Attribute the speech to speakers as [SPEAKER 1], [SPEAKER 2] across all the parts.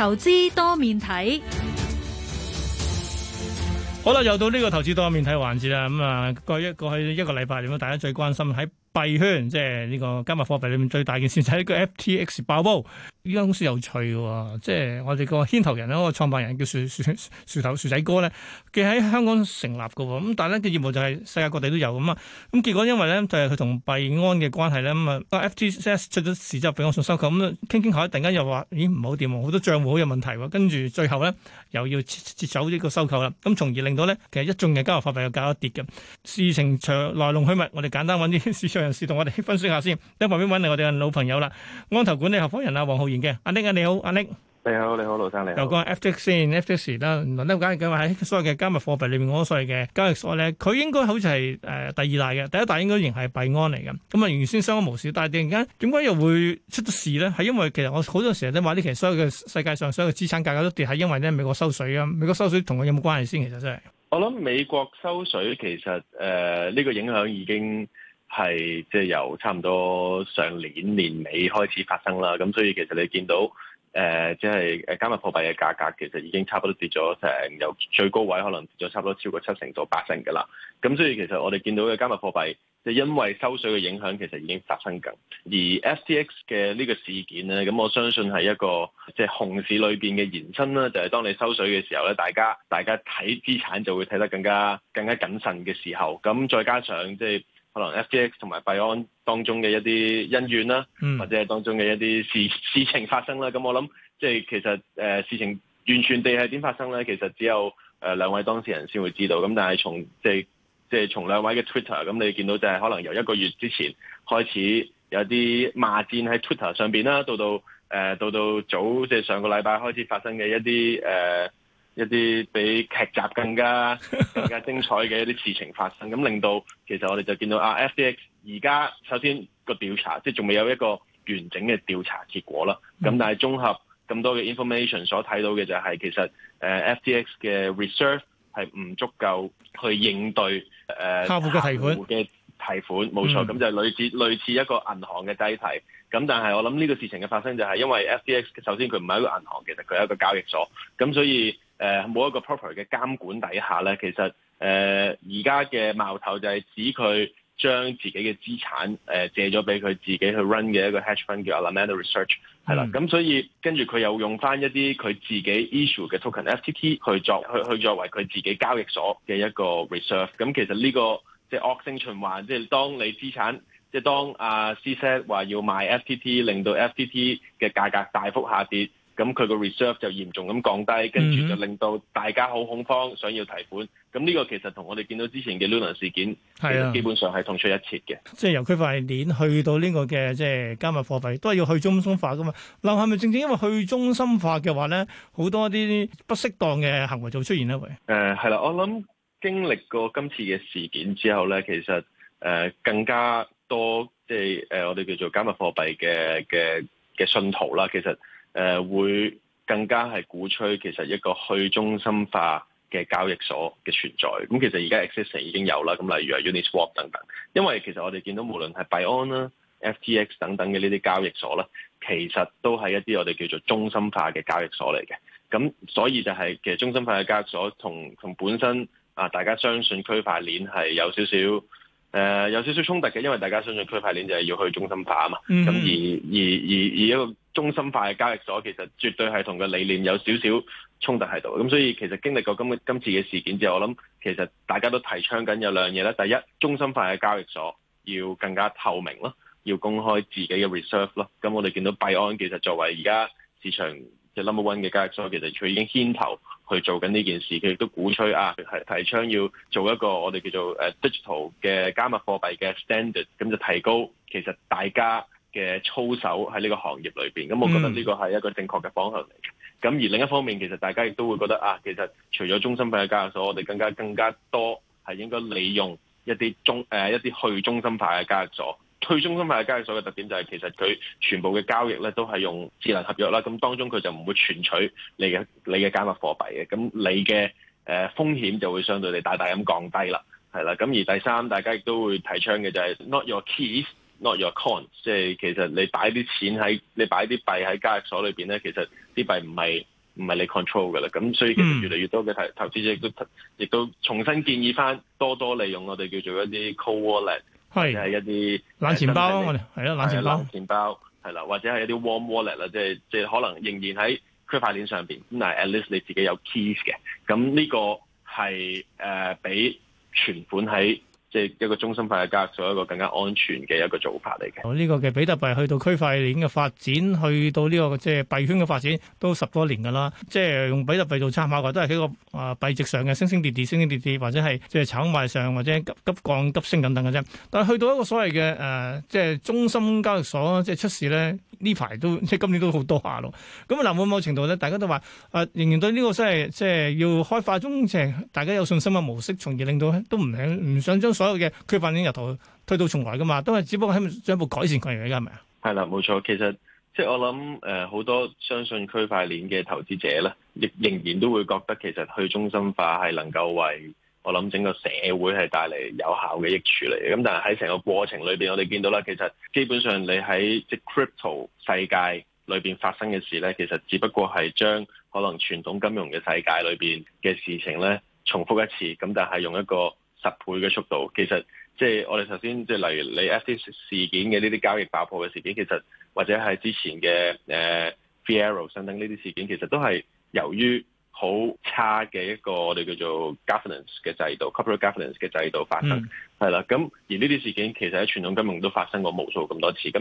[SPEAKER 1] 投資多面睇，好啦，又到呢個投資多面睇嘅環節啦。咁啊，過一過去一個禮拜，咁啊，大家最關心喺幣圈，即係呢個加密貨幣裏面最大件事，就係呢個 FTX 爆煲。呢間公司有趣喎，即係我哋個牽頭人啦，個創辦人叫薯薯薯頭薯仔哥咧，佢喺香港成立嘅，咁但係呢個業務就係世界各地都有咁啊，咁、嗯、結果因為咧就係佢同幣安嘅關係咧，咁、嗯、啊 FTX 出咗事之後，幣安想收購，咁傾傾下突然間又話：咦唔好掂喎，好多賬戶好有問題喎，跟住最後咧又要撤，撤走呢個收購啦，咁、嗯、從而令到咧其實一眾嘅交易貨幣又價一跌嘅事情長來龍去脈，我哋簡單揾啲市場人士同我哋分析一下先。喺旁邊揾嚟我哋嘅老朋友啦，安投管理合夥人啊。王浩。嘅阿 Nick 啊，你好，阿 Nick，你好，你好，盧生你
[SPEAKER 2] 好。又
[SPEAKER 1] 講 FTX 先，FTX 啦，倫敦交易嘅話喺所有嘅加密貨幣裏面，所謂嘅交易所咧，佢應該好似係誒第二大嘅，第一大應該仍係幣安嚟嘅。咁啊原先相安無事，但係突然間，點解又會出咗事咧？係因為其實我好多時候都話呢其實所有嘅世界上所有嘅資產價格都跌，係因為咧美國收水啊。美國收水同佢有冇關係先？其實真係。
[SPEAKER 2] 我諗美國收水其實誒呢個影響已經。係即係由差唔多上年年尾開始發生啦，咁所以其實你見到誒即係加密貨幣嘅價格，其實已經差唔多跌咗成由最高位可能跌咗差唔多超過七成到八成㗎啦。咁所以其實我哋見到嘅加密貨幣，即係因為收水嘅影響，其實已經發生緊。而 FTX 嘅呢個事件咧，咁我相信係一個即係熊市裏面嘅延伸啦。就係、是、當你收水嘅時候咧，大家大家睇資產就會睇得更加更加謹慎嘅時候，咁再加上即、就、係、是。可能 FTX 同埋幣安當中嘅一啲恩怨啦，嗯、或者係當中嘅一啲事事情發生啦。咁我諗即係其實誒、呃、事情完全地係點發生咧？其實只有誒、呃、兩位當事人先會知道。咁但係從即係即係從兩位嘅 Twitter，咁你見到就係可能由一個月之前開始有啲罵戰喺 Twitter 上邊啦，到到誒、呃、到到早即係上個禮拜開始發生嘅一啲誒。呃一啲比劇集更加更加精彩嘅一啲事情發生，咁 令到其實我哋就見到啊，FTX 而家首先個調查即係仲未有一個完整嘅調查結果啦。咁、嗯、但係綜合咁多嘅 information 所睇到嘅就係、是、其實、呃、FTX 嘅 reserve 係唔足夠去應對誒客戶嘅、呃、提款。客戶嘅提款冇錯，咁、嗯、就係類似類似一個銀行嘅擠提。咁但係我諗呢個事情嘅發生就係因為 FTX 首先佢唔係一個銀行，其實佢係一個交易所，咁所以。誒冇、呃、一個 proper 嘅監管底下咧，其實誒而家嘅矛頭就係指佢將自己嘅資產誒、呃、借咗俾佢自己去 run 嘅一個 hedge fund 叫 Alameda Research，係啦、嗯，咁所以跟住佢又用翻一啲佢自己 issue 嘅 token FTT 去作去去作為佢自己交易所嘅一個 reserve，咁其實呢、這個即係惡性循環，即、就、係、是、當你資產即係、就是、當阿 CZ 話要賣 FTT，令到 FTT 嘅價格大幅下跌。咁佢個 reserve 就嚴重咁降低，跟住就令到大家好恐慌，想要提款。咁呢個其實同我哋見到之前嘅 Luna 事件，係基本上係同出一轍嘅。即係、
[SPEAKER 1] 啊就是、由區塊鏈去到呢、這個嘅即係加密貨幣，都係要去中心化噶嘛。嗱，係咪正正因為去中心化嘅話咧，好多啲不適當嘅行為就會出現咧？喂、
[SPEAKER 2] 呃，係啦，我諗經歷過今次嘅事件之後咧，其實、呃、更加多即係、呃、我哋叫做加密貨幣嘅嘅嘅信徒啦，其實。誒、呃、會更加係鼓吹其實一個去中心化嘅交易所嘅存在。咁其實而家 excess 已經有啦。咁例如 Uniswap 等等。因為其實我哋見到無論係幣安啦、FTX 等等嘅呢啲交易所啦，其實都係一啲我哋叫做中心化嘅交易所嚟嘅。咁所以就係其實中心化嘅交易所同同本身啊，大家相信區塊鏈係有少少誒，uh, 有少少衝突嘅，因為大家相信區塊鏈就係要去中心化啊嘛，咁、mm hmm. 而而而而一個中心化嘅交易所，其實絕對係同個理念有少少衝突喺度，咁所以其實經歷過今今次嘅事件之後，我諗其實大家都提倡緊有兩嘢啦。第一，中心化嘅交易所要更加透明咯，要公開自己嘅 reserve 咯，咁我哋見到幣安其實作為而家市場嘅 number one 嘅交易所，其實佢已經牽頭。去做緊呢件事，佢亦都鼓吹啊，係提倡要做一個我哋叫做 digital 嘅加密貨幣嘅 standard，咁就提高其實大家嘅操守喺呢個行業裏面。咁我覺得呢個係一個正確嘅方向嚟嘅。咁而另一方面，其實大家亦都會覺得啊，其實除咗中心化嘅交易所，我哋更加更加多係應該利用一啲中、呃、一啲去中心化嘅交易所。去中心化交易所嘅特點就係其實佢全部嘅交易咧都係用智能合約啦，咁當中佢就唔會存取你嘅你嘅加密貨幣嘅，咁你嘅誒、呃、風險就會相對地大大咁降低啦，係啦，咁而第三大家亦都會提倡嘅就係 Not your keys, not your coins，即係其實你擺啲錢喺你擺啲幣喺交易所裏面咧，其實啲幣唔係唔係你 control 嘅啦，咁所以其實越嚟越多嘅投投資者亦都，亦都重新建議翻多多利用我哋叫做一啲 cold wallet。Wall et, 係，即係一啲
[SPEAKER 1] 是冷錢包我哋係咯，冷
[SPEAKER 2] 錢包，冷錢包係啦，或者係一啲 warm wallet 啦、即係，即係即係可能仍然喺區塊鏈上邊，但係 at least 你自己有 keys 嘅，咁呢個係誒俾存款喺。即係一個中心化嘅交易所，一個更加安全嘅一個做法嚟嘅。
[SPEAKER 1] 我呢個嘅比特幣去到區塊鏈嘅發展，去到呢個即係幣圈嘅發展，都十多年噶啦。即係用比特幣做參考嘅，都係喺個啊幣值上嘅升升跌跌、升升跌跌，或者係即係炒賣上或者急急降急升等等嘅啫。但係去到一個所謂嘅誒，即係中心交易所即係出事咧。呢排都即係今年都好多下咯，咁啊，但係某程度咧，大家都話、呃、仍然對呢個即係即係要開化中，即大家有信心嘅模式，從而令到都唔想唔想將所有嘅區塊鏈入頭推倒重來噶嘛，都係只不過喺進一步改善佢，而家，係咪啊？
[SPEAKER 2] 係啦，冇錯，其實即係我諗好、呃、多相信區塊鏈嘅投資者咧，亦仍然都會覺得其實去中心化係能夠為。我諗整個社會係帶嚟有效嘅益處嚟嘅，咁但係喺成個過程裏面，我哋見到啦，其實基本上你喺即係 crypto 世界裏面發生嘅事呢，其實只不過係將可能傳統金融嘅世界裏面嘅事情呢重複一次，咁但係用一個十倍嘅速度。其實即係我哋首先即係例如你 FTX 事件嘅呢啲交易爆破嘅事件，其實或者係之前嘅誒 Fiero 等等呢啲事件，其實都係由於，好差嘅一個我哋叫做 governance 嘅制度，corporate governance 嘅制度發生係啦，咁、嗯、而呢啲事件其實喺傳統金融都發生過無數咁多次，咁而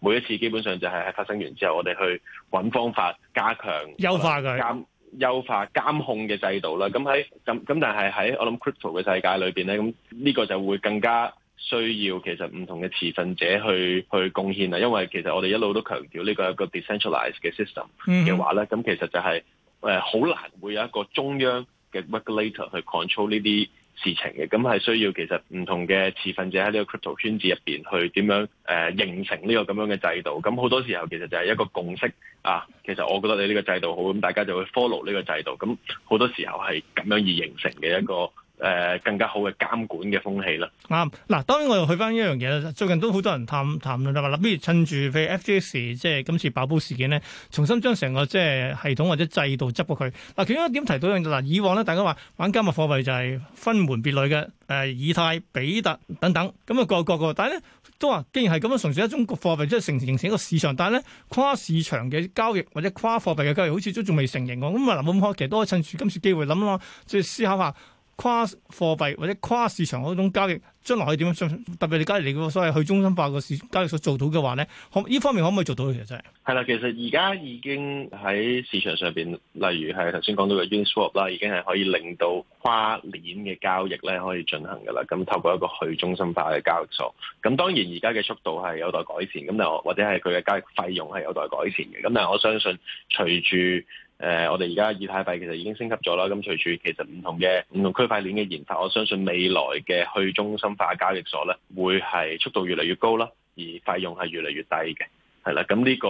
[SPEAKER 2] 每一次基本上就係喺發生完之後，我哋去揾方法加強優化佢監優化監控嘅制度啦。咁喺咁咁，但係喺我諗 crypto 嘅世界裏面咧，咁呢個就會更加需要其實唔同嘅持份者去去貢獻啦。因為其實我哋一路都強調呢個一個 decentralized 嘅 system 嘅話咧，咁、嗯、哼其實就係、是。呃、好難會有一個中央嘅 regulator 去 control 呢啲事情嘅，咁係需要其實唔同嘅持份者喺呢個 crypto 圈子入邊去點樣、呃、形成呢個咁樣嘅制度，咁好多時候其實就係一個共識啊。其實我覺得你呢個制度好，咁大家就會 follow 呢個制度，咁好多時候係咁樣而形成嘅一個誒，更加好嘅監管嘅風氣啦。
[SPEAKER 1] 啱嗱、啊，當然我又去翻一樣嘢啦。最近都好多人探談論啦，話諗住趁住譬如 FTX 即係今次爆煲事件咧，重新將成個即係系統或者制度執過佢嗱。其中一點提到咧嗱、啊，以往咧，大家話玩加密貨幣就係分門別類嘅，誒、啊，以太、比特等等咁啊、嗯，各有各個，個。但係咧都話，既然係咁樣，純粹一種個貨幣，即係成形成一個市場，但係咧跨市場嘅交易或者跨貨幣嘅交易，好似都仲未成型嘅。咁、嗯、啊，林唔諗開？其實都可以趁住今次機會諗咯，即係思考一下。跨貨幣或者跨市場嗰種交易，將來可以點樣進？特別你加入你個所謂去中心化個市交易所做到嘅話咧，可呢方面可唔可以做到咧？其實係
[SPEAKER 2] 係啦，其實而家已經喺市場上邊，例如係頭先講到嘅 Uniswap 啦，已經係可以令到跨鏈嘅交易咧可以進行㗎啦。咁透過一個去中心化嘅交易所，咁當然而家嘅速度係有待改善，咁但係或者係佢嘅交易費用係有待改善嘅。咁但係我相信隨住。誒，我哋而家以太幣其實已經升級咗啦，咁隨住其實唔同嘅唔同區塊鏈嘅研發，我相信未來嘅去中心化交易所咧，會係速度越嚟越高啦，而費用係越嚟越低嘅，係啦，咁呢個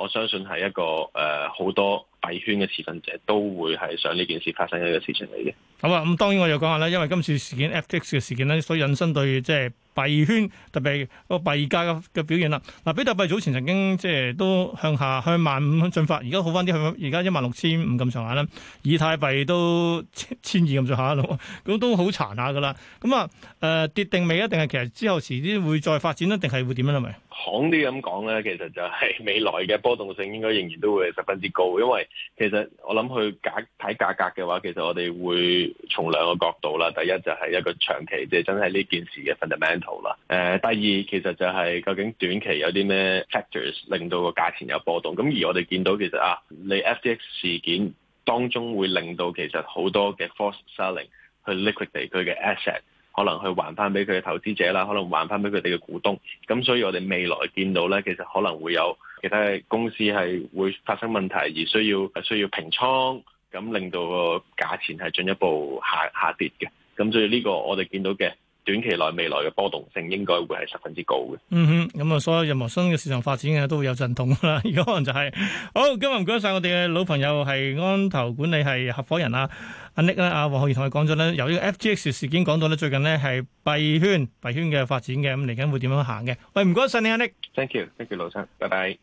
[SPEAKER 2] 我相信係一個誒好、呃、多幣圈嘅持份者都會係想呢件事發生嘅一個事情嚟嘅。咁
[SPEAKER 1] 啊，咁當然我又講下啦，因為今次事件 FTX 嘅事件咧，所以引申對即係。幣圈特別係個幣價嘅表現啦，嗱比特幣早前曾經即係都向下向萬五進發，而家好翻啲，而家一萬六千五咁上下啦。以太幣都千二咁上下咯，咁都好殘下噶啦。咁啊誒跌定未？一定係其實之後遲啲會再發展咧，定係會點樣咧？係咪？
[SPEAKER 2] 行啲咁講咧，其實就係未來嘅波動性應該仍然都會十分之高，因為其實我諗去睇價格嘅話，其實我哋會從兩個角度啦。第一就係一個長期，即係真係呢件事嘅 fundamental 啦。第二其實就係究竟短期有啲咩 factors 令到個價錢有波動。咁而我哋見到其實啊，你 FTX 事件當中會令到其實好多嘅 forced selling 去 liquidate 佢嘅 asset。可能去還翻俾佢嘅投資者啦，可能還翻俾佢哋嘅股東。咁所以，我哋未來見到呢，其實可能會有其他公司係會發生問題而需要需要平倉，咁令到個價錢係進一步下下跌嘅。咁所以呢個我哋見到嘅。短期內未來嘅波動性應該會係十分之高嘅。
[SPEAKER 1] 嗯哼，咁啊，所有任何新嘅市場發展嘅都會有陣痛啦。而家可能就係、是、好，今日唔該晒我哋嘅老朋友係安投管理係合夥人啊，Anik 阿王浩然同佢講咗咧，由呢個 FTX 事件講到咧，最近咧係幣圈幣圈嘅發展嘅，咁嚟緊會點樣行嘅？喂、啊，唔該晒你阿 Nik，Thank you，Thank you，老生。拜拜。